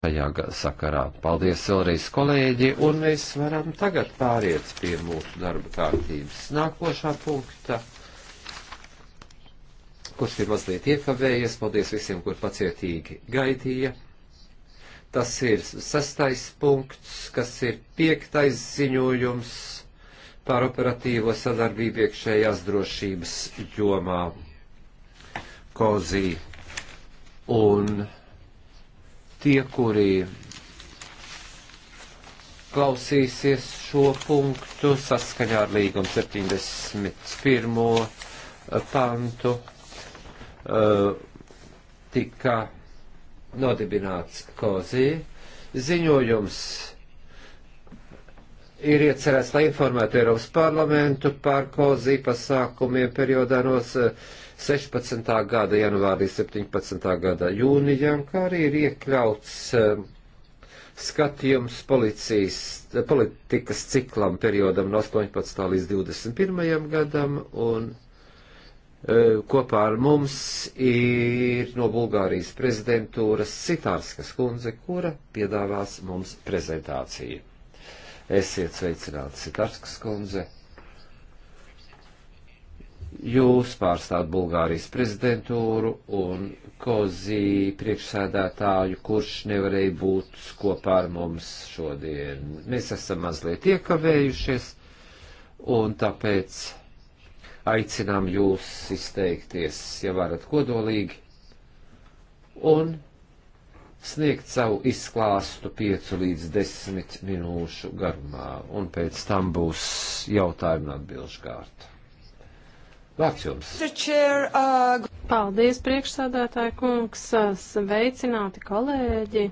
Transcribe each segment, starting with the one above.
šajā sakarā. Paldies vēlreiz, kolēģi, un mēs varam tagad pāriet pie mūsu darba kārtības nākošā punkta, kurš ir mazliet iekavējies. Paldies visiem, kur pacietīgi gaidīja. Tas ir sastais punkts, kas ir piektais ziņojums par operatīvo sadarbību iekšējās drošības jomā. Kozī un tie, kuri klausīsies šo punktu saskaņā ar līgumu 71. Eh, pantu, eh, tika nodibināts kozī. Ziņojums ir iecerēts, lai informētu Eiropas parlamentu par kozī pasākumiem periodā nos 16. gada janvārī, 17. gada jūnijā, kā arī ir iekļauts eh, skatījums policijas, eh, politikas ciklam periodam no 18. līdz 21. gadam, un eh, kopā ar mums ir no Bulgārijas prezidentūras Citārskas kundze, kura piedāvās mums prezentāciju. Esiet sveicināti, Citārskas kundze! Jūs pārstāt Bulgārijas prezidentūru un Kozī priekšsēdētāju, kurš nevarēja būt kopā ar mums šodien. Mēs esam mazliet iekavējušies un tāpēc aicinām jūs izteikties, ja varat kodolīgi, un sniegt savu izklāstu 5 līdz 10 minūšu garumā, un pēc tam būs jautājumu un atbilžu kārta. Vārds jums. Uh, Paldies, priekšsādātāja kungs, uh, sveicināti kolēģi.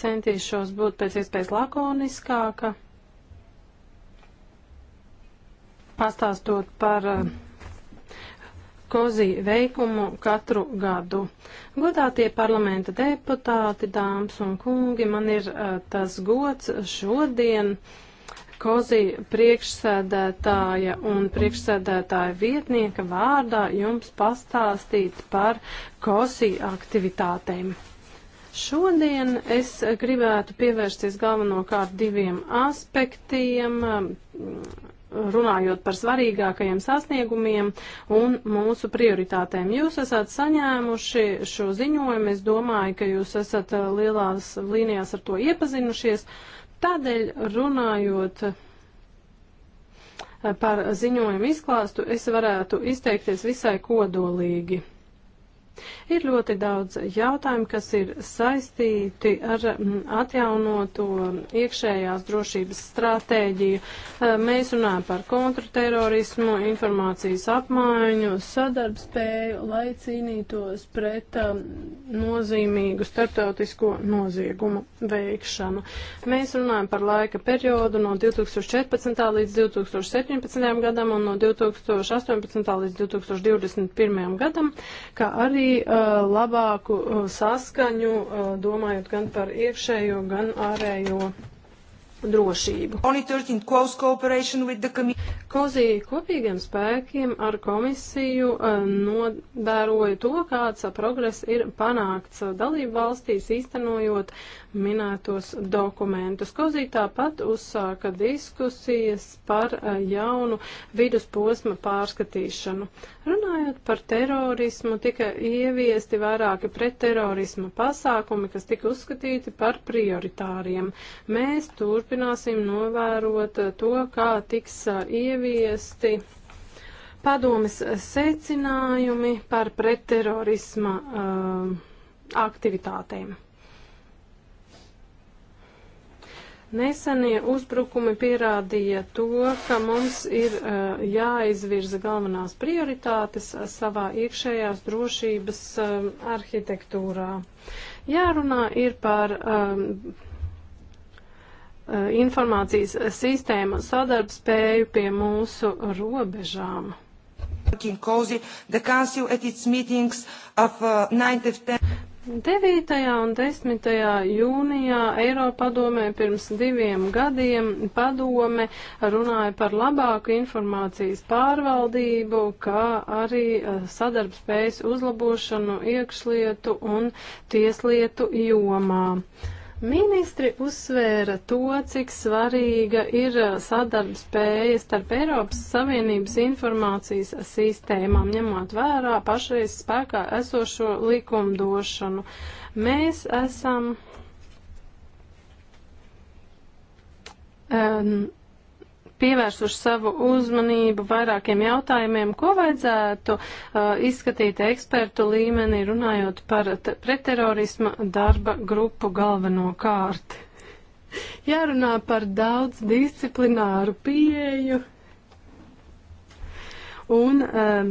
Centīšos būt pēc iespējas lakoniskāka, pastāstot par uh, kozī veikumu katru gadu. Godātie parlamenta deputāti, dāmas un kungi, man ir tas gods šodien. Uh, Sarkozy priekšsēdētāja un priekšsēdētāja vietnieka vārdā jums pastāstīt par kosī aktivitātēm. Šodien es gribētu pievērsties galvenokārt diviem aspektiem, runājot par svarīgākajiem sasniegumiem un mūsu prioritātēm. Jūs esat saņēmuši šo ziņojumu, es domāju, ka jūs esat lielās līnijās ar to iepazinušies, Tādēļ runājot eh, par ziņojumu izklāstu, es varētu izteikties visai kodolīgi. Ir ļoti daudz jautājumu, kas ir saistīti ar mm, atjaunoto iekšējās drošības stratēģiju. Mēs runājam par kontrterorismu, informācijas apmaiņu, sadarbspēju, lai cīnītos pret nozīmīgu starptautisko noziegumu veikšanu. Mēs runājam par laika periodu no 2014. līdz 2017. gadam un no 2018. līdz 2021. gadam, kā arī arī eh, labāku eh, saskaņu, eh, domājot gan par iekšējo, gan ārējo drošību. Kozī kopīgiem spēkiem ar komisiju novēroja to, kāds progress ir panākts dalību valstīs, īstenojot minētos dokumentus. Kozī tāpat uzsāka diskusijas par eh, jaunu vidusposma pārskatīšanu. Runājot par terorismu, tika ieviesti vairāki pretterorisma pasākumi, kas tika uzskatīti par prioritāriem. Mēs turpināsim novērot eh, to, kā tiks eh, ieviesti padomes secinājumi par pretterorisma uh, aktivitātēm. Nesenie uzbrukumi pierādīja to, ka mums ir uh, jāizvirza galvenās prioritātes eh, savā iekšējās drošības um, arhitektūrā. Jārunā ir par um, informācijas sistēmu sadarbspēju pie mūsu robežām. 9. un 10. jūnijā Eiropadomē pirms diviem gadiem padome runāja par labāku informācijas pārvaldību, kā arī eh, sadarbspējas uzlabošanu iekšlietu un tieslietu jomā. Uh, Ministri uzsvēra to, cik svarīga ir uh, sadarbspēja starp Eiropas Savienības informācijas sistēmām, ņemot vērā pašreiz spēkā esošo likumdošanu. Mēs esam um, pievērsuši savu uzmanību vairākiem jautājumiem, ko vajadzētu uh, izskatīt ekspertu līmenī, runājot par pretterorisma darba grupu galveno kārti. Jārunā par daudz disciplināru pieeju Un um,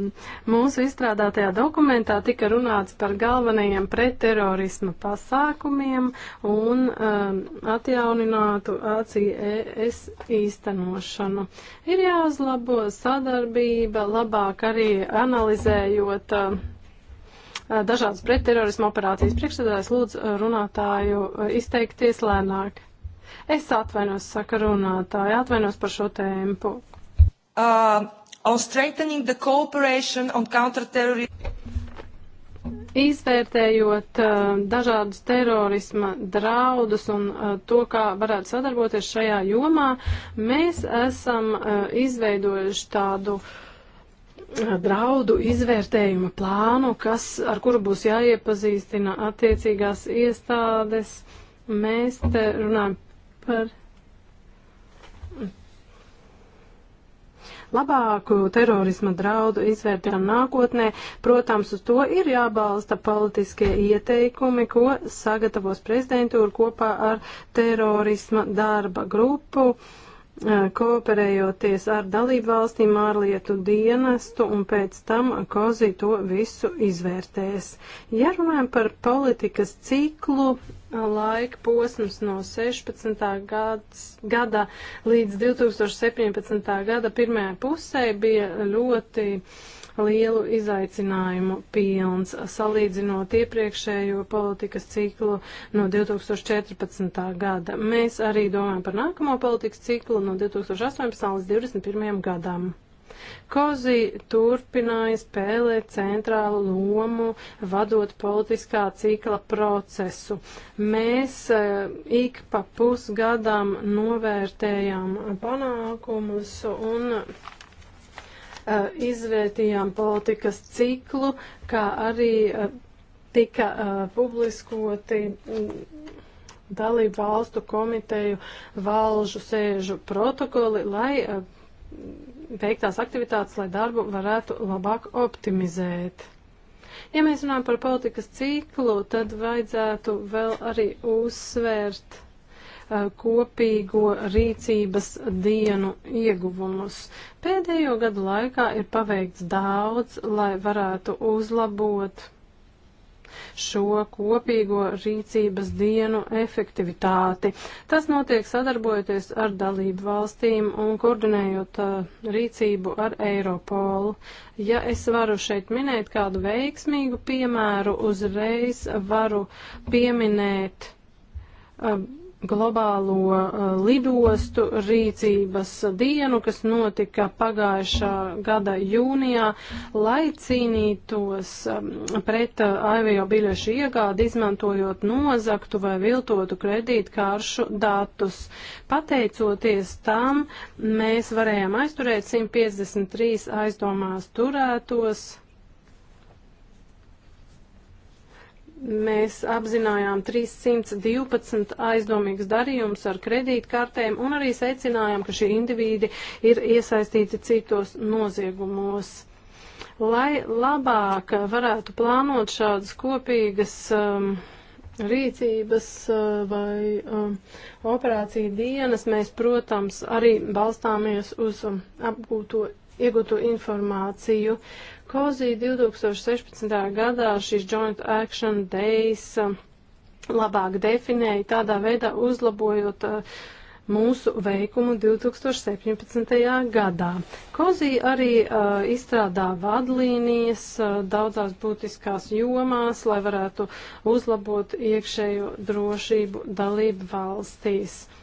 mūsu izstrādātajā dokumentā tika runāts par galvenajiem pretterorisma pasākumiem un um, atjauninātu ACES īstenošanu. Ir jāuzlabo sadarbība, labāk arī analizējot. Um, dažādas pretterorisma operācijas priekšsēdājas lūdzu runātāju uh, izteikties lēnāk. Es atvainos, saka runātāja, atvainos par šo tēmpu. Uh on strengthening the cooperation on counterterrorism. Izvērtējot uh, dažādus terorisma draudus un uh, to, kā varētu sadarboties šajā jomā, mēs esam uh, izveidojuši tādu uh, draudu izvērtējuma plānu, kas, ar kuru būs jāiepazīstina attiecīgās iestādes. Mēs te runājam par labāku terorisma draudu izvērtējumu nākotnē. Protams, uz to ir jābalsta politiskie ieteikumi, ko sagatavos prezidentūra kopā ar terorisma darba grupu. Uh, Eh, kooperējoties ar dalību valstīm ārlietu dienestu un pēc tam Kozi to visu izvērtēs. Ja runājam par politikas ciklu, eh, laika posms no 16. Gads, gada līdz 2017. gada pirmajai pusē bija ļoti uh, lielu izaicinājumu pilns, salīdzinot iepriekšējo politikas ciklu no 2014. gada. Mēs arī domājam par nākamo politikas ciklu no 2018. līdz 2021. gadam. Kozi turpināja spēlēt centrālu lomu, vadot politiskā cikla procesu. Mēs e, ik pa pusgadam novērtējām panākumus un Eh, izvērtījām politikas ciklu, kā arī eh, tika eh, publiskoti mm, dalību valstu komiteju valžu sēžu protokoli, lai veiktās aktivitātes, lai darbu varētu labāk optimizēt. Ja mēs runājam par politikas ciklu, tad vajadzētu vēl arī uzsvērt Uh, kopīgo rīcības dienu ieguvumus. Pēdējo gadu laikā ir paveikts daudz, lai varētu uzlabot šo kopīgo rīcības dienu efektivitāti. Tas notiek sadarbojoties ar dalību valstīm un koordinējot uh, rīcību ar Eiropolu. Ja es varu šeit minēt kādu veiksmīgu piemēru, uzreiz varu pieminēt uh, globālo uh, lidostu rīcības dienu, kas notika pagājušā gada jūnijā, lai cīnītos um, pret uh, avio biļešu iegādi, izmantojot nozaktu vai viltotu kredītkāršu datus. Pateicoties tam, mēs varējām aizturēt 153 aizdomās turētos mēs apzinājām 312 aizdomīgus darījumus ar kredītkartēm un arī secinājām, ka šie indivīdi ir iesaistīti citos noziegumos. Lai labāk varētu plānot šādas kopīgas um, rīcības uh, vai um, operāciju dienas, mēs, protams, arī balstāmies uz um, apgūto, iegūto informāciju. Uh, Kozī 2016. gadā šīs Joint Action Days um, labāk definēja, tādā veidā uzlabojot uh, mūsu veikumu 2017. gadā. Kozī arī uh, izstrādā vadlīnijas uh, daudzās būtiskās jomās, lai varētu uzlabot iekšējo drošību dalību valstīs. Uh,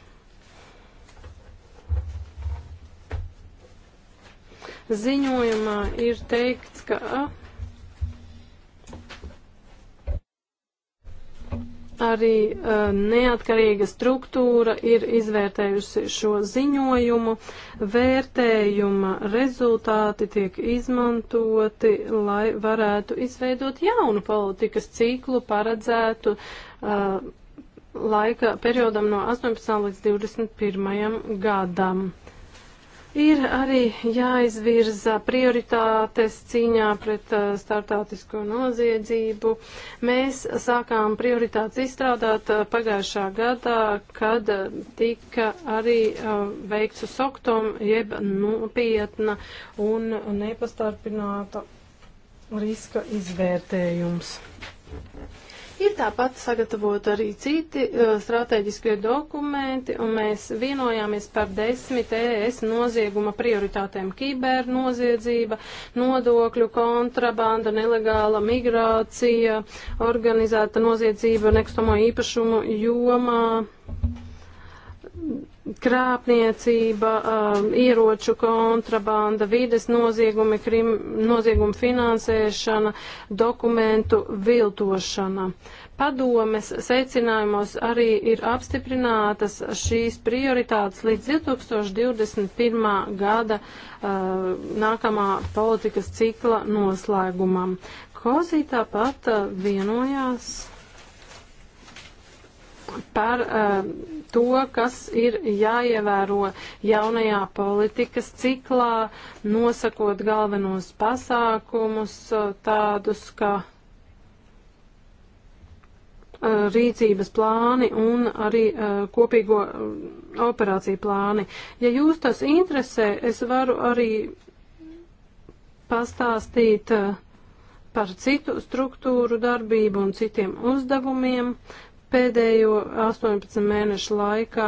ziņojumā ir teikts, ka arī uh, neatkarīga struktūra ir izvērtējusi šo ziņojumu. Vērtējuma rezultāti tiek izmantoti, lai varētu izveidot jaunu politikas ciklu, paredzētu uh, laika periodam no 18 līdz 21 gadam. Uh, Ir arī jāizvirza prioritātes cīņā pret uh, startautisko noziedzību. Mēs sākām prioritātes izstrādāt uh, pagājušā gadā, kad uh, tika arī uh, veikts uz oktom, jeb nopietna un nepastarpināta riska izvērtējums. Thank you. Ir tāpat sagatavot arī citi uh, strateģiskie dokumenti, un mēs vienojāmies par desmit ES nozieguma prioritātēm - kibernoziedzība, nodokļu kontrabanda, nelegāla migrācija, organizēta noziedzība nekustamo īpašumu jomā krāpniecība, um, ieroču kontrabanda, vides noziegumi, krim, noziegumi finansēšana, dokumentu viltošana. Padomes secinājumos arī ir apstiprinātas šīs prioritātes līdz 2021. gada uh, nākamā politikas cikla noslēgumam. Kozī tāpat uh, vienojās par uh, to, kas ir jāievēro jaunajā politikas ciklā, nosakot galvenos pasākumus uh, tādus, kā eh, rīcības plāni un arī uh, kopīgo uh, operāciju plāni. Ja jūs tas interesē, es varu arī pastāstīt uh, par citu struktūru darbību un citiem uzdevumiem, Pēdējo 18 mēnešu laikā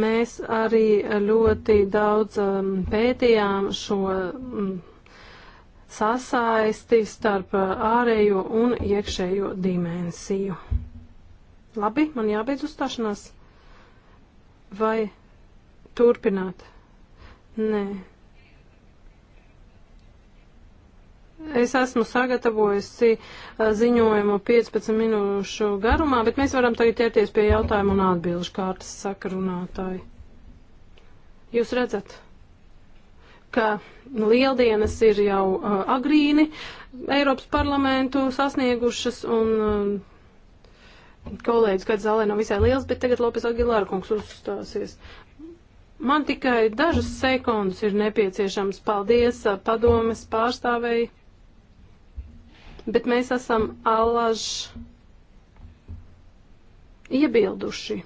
mēs arī ļoti daudz um, pētījām šo mm, sasaisti starp uh, ārējo un iekšējo dimensiju. Labi, man jābeidz uzstāšanās. Vai turpināt? Nē. Es esmu sagatavojusi ziņojumu 15 minūšu garumā, bet mēs varam tagad ķerties pie jautājumu un atbilžu kārtas sakarunātāji. Jūs redzat, ka lieldienas ir jau uh, agrīni Eiropas parlamentu sasniegušas un uh, kolēģis, kad zālē nav visai liels, bet tagad Lopes Agilāra kungs uzstāsies. Man tikai dažas sekundes ir nepieciešams. Paldies padomes pārstāvēji bet mēs esam alaž iebilduši.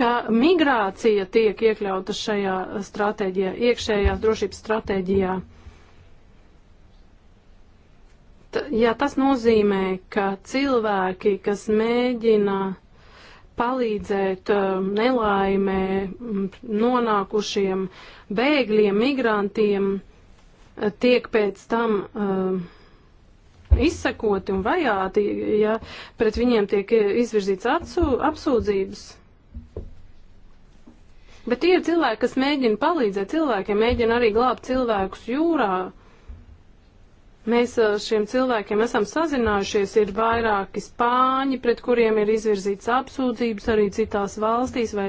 ka migrācija tiek iekļauta šajā stratēģijā, iekšējās drošības stratēģijā. T ja tas nozīmē, ka cilvēki, kas mēģina palīdzēt um, nelaimē nonākušiem bēgļiem, migrantiem, tiek pēc tam uh, um, izsakoti un vajāti, ja pret viņiem tiek izvirzīts atsū, apsūdzības. Bet tie ir cilvēki, kas mēģina palīdzēt cilvēkiem, mēģina arī glābt cilvēkus jūrā. Mēs ar eh, šiem cilvēkiem esam sazinājušies, ir vairāki spāņi, pret kuriem ir izvirzīts apsūdzības arī citās valstīs, vai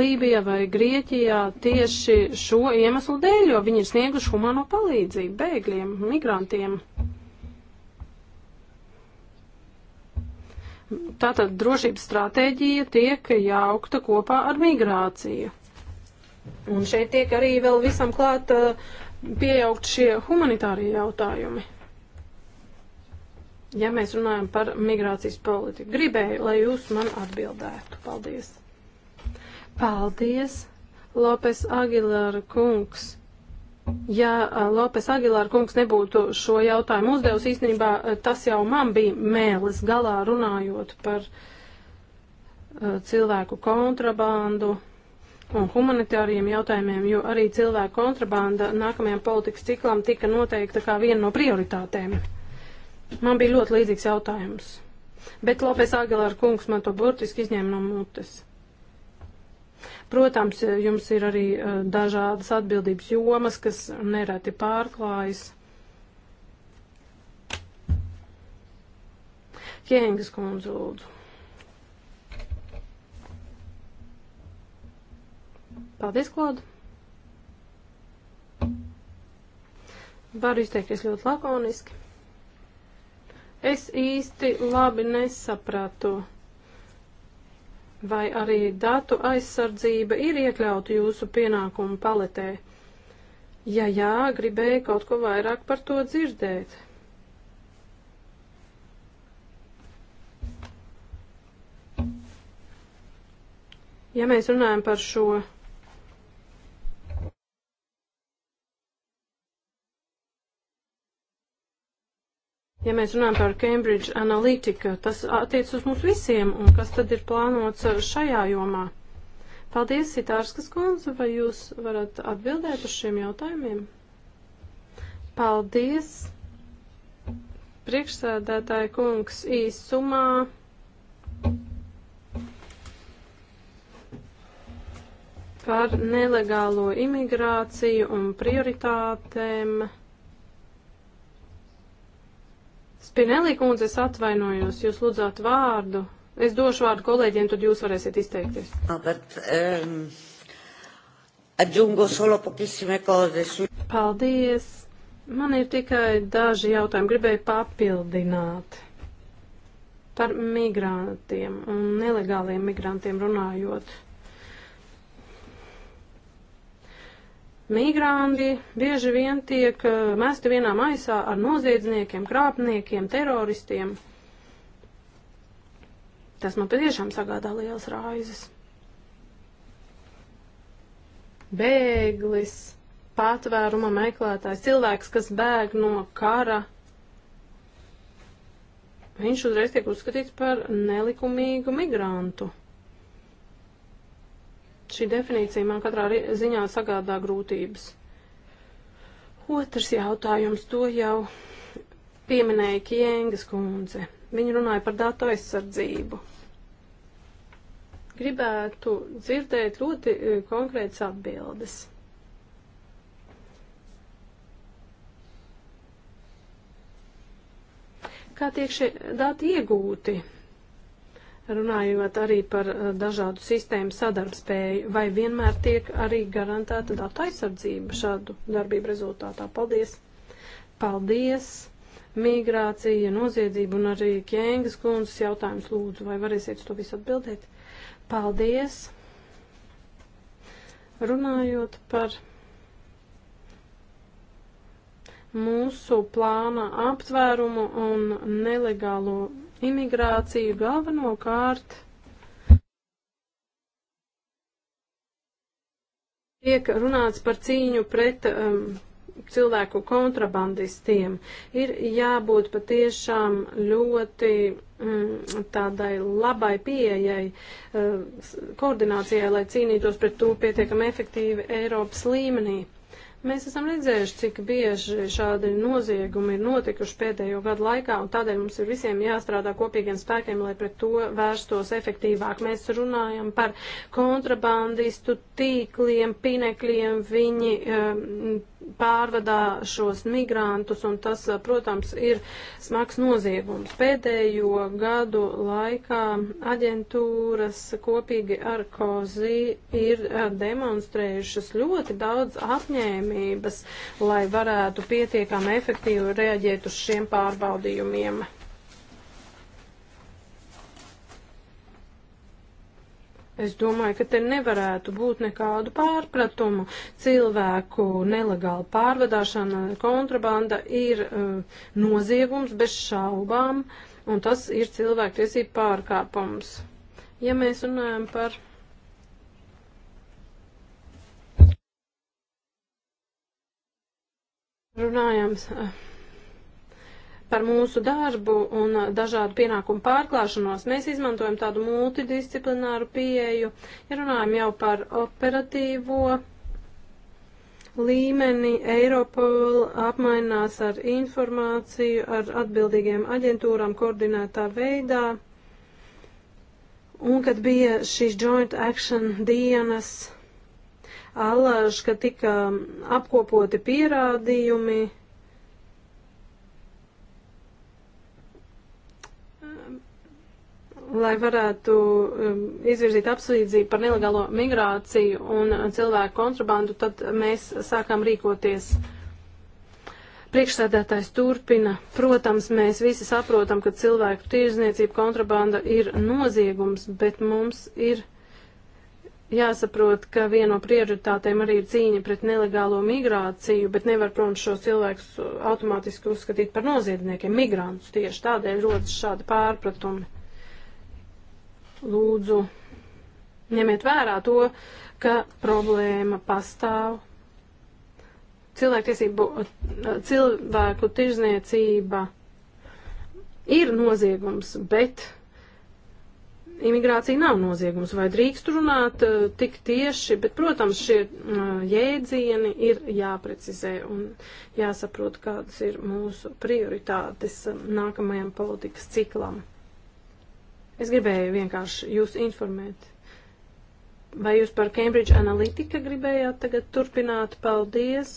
Lībijā, vai Grieķijā, tieši šo iemeslu dēļ, jo viņi ir snieguši humano palīdzību bēgļiem, migrantiem. Tātad drošības stratēģija tiek jaukta kopā ar migrāciju. Un šeit tiek arī vēl visam klāt uh, pieaugt šie humanitārie jautājumi. Ja mēs runājam par migrācijas politiku, gribēju, lai jūs man atbildētu. Paldies! Paldies, Lopes Agilāra kungs! Ja eh, Lopes Agilāra kungs nebūtu šo jautājumu uzdevusi, īstenībā eh, tas jau man bija mēlis galā runājot par eh, cilvēku kontrabandu un humanitāriem jautājumiem, jo arī cilvēku kontrabanda nākamajam politikas ciklam tika noteikta kā viena no prioritātēm. Man bija ļoti līdzīgs jautājums, bet Lopes Agilāra kungs man to burtiski izņēma no mutes. Protams, jums ir arī eh, dažādas atbildības jomas, kas nereti pārklājas. Kēngas kundze lūdzu. Paldies, Klauda! Varu izteikties ļoti lakoniski. Es īsti labi nesapratu, vai arī datu aizsardzība ir iekļauta jūsu pienākumu paletē. Ja jā, gribēju kaut ko vairāk par to dzirdēt. Ja mēs runājam par šo Ja mēs runājam par Cambridge Analytica, tas attiec uz mums visiem, un kas tad ir plānots šajā jomā? Paldies, Sitārskas kundze, vai jūs varat atbildēt uz šiem jautājumiem? Paldies, priekšsēdētāja kungs, īsumā. par nelegālo imigrāciju un prioritātēm. Spinelī kundze, es atvainojos, jūs lūdzāt vārdu. Es došu vārdu kolēģiem, tad jūs varēsiet izteikties. Albert, um, ehm, aggiungo solo pochissime cose. Su... Paldies. Man ir tikai daži jautājumi, gribēju papildināt par migrantiem un nelegāliem migrantiem runājot. Migranti bieži vien tiek eh, mesti vienā maisā ar noziedzniekiem, krāpniekiem, teroristiem. Tas man patiešām sagādā liels raizes. Bēglis, patvēruma meklētājs, cilvēks, kas bēg no kara, viņš uzreiz tiek uzskatīts par nelikumīgu migrantu. Šī definīcija man katrā ziņā sagādā grūtības. Otrs jautājums, to jau pieminēja Kiengas kundze. Viņa runāja par datu aizsardzību. Gribētu dzirdēt ļoti e, konkrētas atbildes. Kā tiek šie dati iegūti? runājot arī par eh, dažādu sistēmu sadarbspēju, vai vienmēr tiek arī garantēta datu aizsardzība šādu darbību rezultātā? Paldies! Paldies! Migrācija, noziedzība un arī Kjēngas kundzes jautājums lūdzu, vai varēsiet to visu atbildēt? Paldies! Runājot par mūsu plāna aptvērumu un nelegālo Imigrācija galvenokārt tiek runāts par cīņu pret um, cilvēku kontrabandistiem. Ir jābūt patiešām ļoti mm, tādai labai pieejai, uh, koordinācijai, lai cīnītos pret to pietiekami efektīvi Eiropas līmenī. Mēs esam redzējuši, cik bieži šādi noziegumi ir notikuši pēdējo gadu laikā, un tādēļ mums ir visiem jāstrādā kopīgiem spēkiem, lai pret to vērstos efektīvāk. Mēs runājam par kontrabandistu tīkliem, pinekļiem, viņi um, pārvadā šos migrantus, un tas, eh, protams, ir smags noziegums. Pēdējo gadu laikā aģentūras kopīgi ar COZI ir eh, demonstrējušas ļoti daudz apņēmību nepieciešamības, lai varētu pietiekami efektīvi reaģēt uz šiem pārbaudījumiem. Es domāju, ka te nevarētu būt nekādu pārpratumu. Cilvēku nelegāla pārvedāšana, kontrabanda ir uh, noziegums bez šaubām, un tas ir cilvēktiesību pārkāpums. Ja mēs runājam par runājam eh, par mūsu darbu un eh, dažādu pienākumu pārklāšanos, mēs izmantojam tādu multidisciplināru pieeju, ja runājam jau par operatīvo līmeni, Eiropol apmainās ar informāciju, ar atbildīgiem aģentūrām koordinētā veidā. Un kad bija šīs joint action dienas, allaž, ka tika apkopoti pierādījumi. lai varētu um, izvirzīt apsūdzību par nelegālo migrāciju un cilvēku kontrabandu, tad mēs sākām rīkoties. Priekšsēdētājs turpina. Protams, mēs visi saprotam, ka cilvēku tirzniecība kontrabanda ir noziegums, bet mums ir jāsaprot, ka viena no prioritātēm arī ir cīņa pret nelegālo migrāciju, bet nevar, protams, šos cilvēkus automātiski uzskatīt par noziedzniekiem, migrantus. Tieši tādēļ rodas šādi pārpratumi. Lūdzu, ņemiet vērā to, ka problēma pastāv. Cilvēktiesību, cilvēku tirzniecība ir noziegums, bet imigrācija nav noziegums, vai drīkst runāt eh, tik tieši, bet, protams, šie eh, jēdzieni ir jāprecizē un jāsaprot, kādas ir mūsu prioritātes eh, nākamajam politikas ciklam. Es gribēju vienkārši jūs informēt. Vai jūs par Cambridge Analytica gribējāt tagad turpināt? Paldies!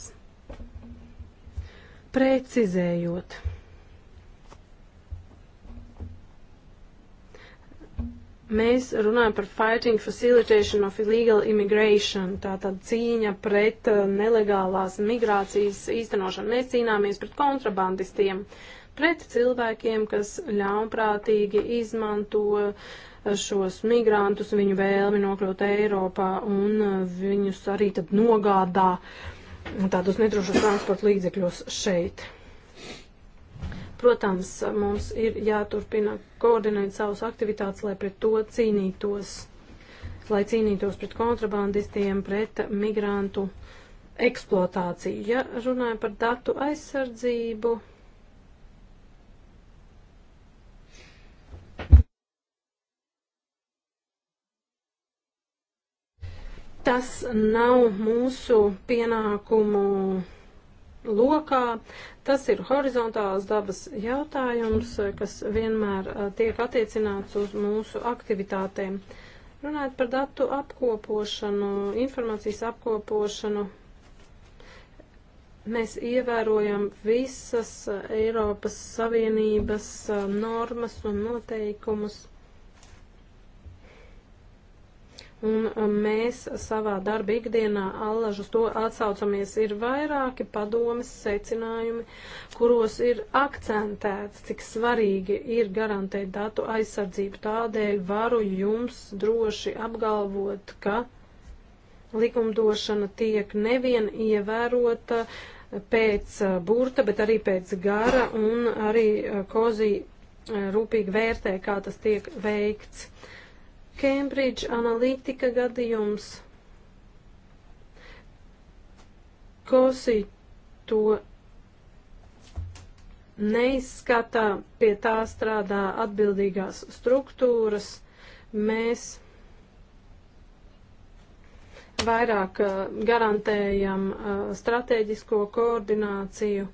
Precizējot. Mēs runājam par fighting facilitation of illegal immigration, tātad cīņa pret uh, nelegālās migrācijas īstenošanu. Mēs cīnāmies pret kontrabandistiem, pret cilvēkiem, kas ļaunprātīgi izmanto uh, šos migrantus, viņu vēlmi nokļūt Eiropā un uh, viņus arī tad nogādā tādos nedrošos transporta līdzekļos šeit. Protams, mums ir jāturpina koordinēt savas aktivitātes, lai pret to cīnītos, lai cīnītos pret kontrabandistiem, pret migrantu eksploatāciju. Ja runājam par datu aizsardzību. Tas nav mūsu pienākumu lokā. Tas ir horizontāls dabas jautājums, kas vienmēr uh, tiek attiecināts uz mūsu aktivitātēm. Runājot par datu apkopošanu, informācijas apkopošanu, mēs ievērojam visas Eiropas Savienības uh, normas un noteikumus. Un um, mēs savā darba ikdienā allaž uz to atsaucamies. Ir vairāki padomas secinājumi, kuros ir akcentēts, cik svarīgi ir garantēt datu aizsardzību. Tādēļ varu jums droši apgalvot, ka likumdošana tiek nevien ievērota pēc uh, burta, bet arī pēc gara un arī uh, kozī uh, rūpīgi vērtē, kā tas tiek veikts. Uh, Cambridge Analytica gadījums. Kosi to neizskatā, pie tā strādā atbildīgās struktūras. Mēs vairāk uh, garantējam uh, stratēģisko koordināciju,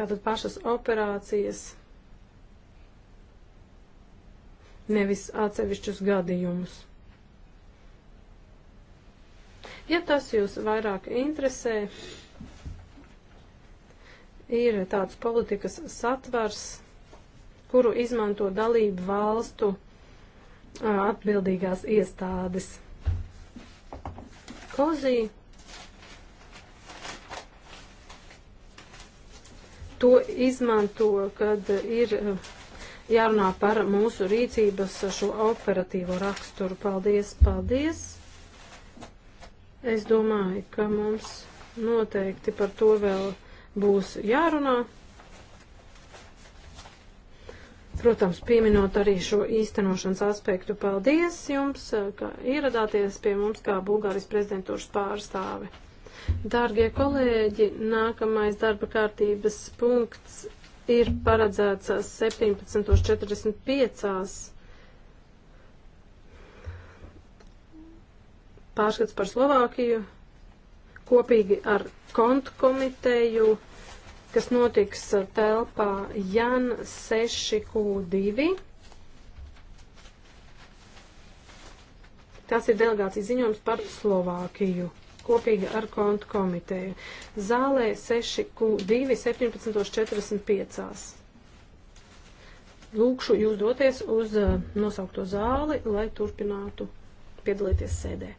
tātad pašas operācijas nevis atsevišķus gadījumus. Ja tas jūs vairāk interesē, ir tāds politikas satvars, kuru izmanto dalību valstu atbildīgās iestādes. Kozī to izmanto, kad ir jārunā par mūsu rīcības šo operatīvo raksturu. Paldies, paldies! Es domāju, ka mums noteikti par to vēl būs jārunā. Protams, pieminot arī šo īstenošanas aspektu, paldies jums, ka ieradāties pie mums kā Bulgārijas prezidentūras pārstāve. Dārgie kolēģi, nākamais darba kārtības punkts ir paredzēts 17.45. Pārskats par Slovākiju kopīgi ar kontu komiteju, kas notiks telpā Jan 6Q2. Tas ir delegācijas ziņojums par Slovākiju kopīgi ar kontu komiteju. Zālē 6Q2 17.45. Lūkšu jūs doties uz eh, nosaukto zāli, lai turpinātu piedalīties sēdē.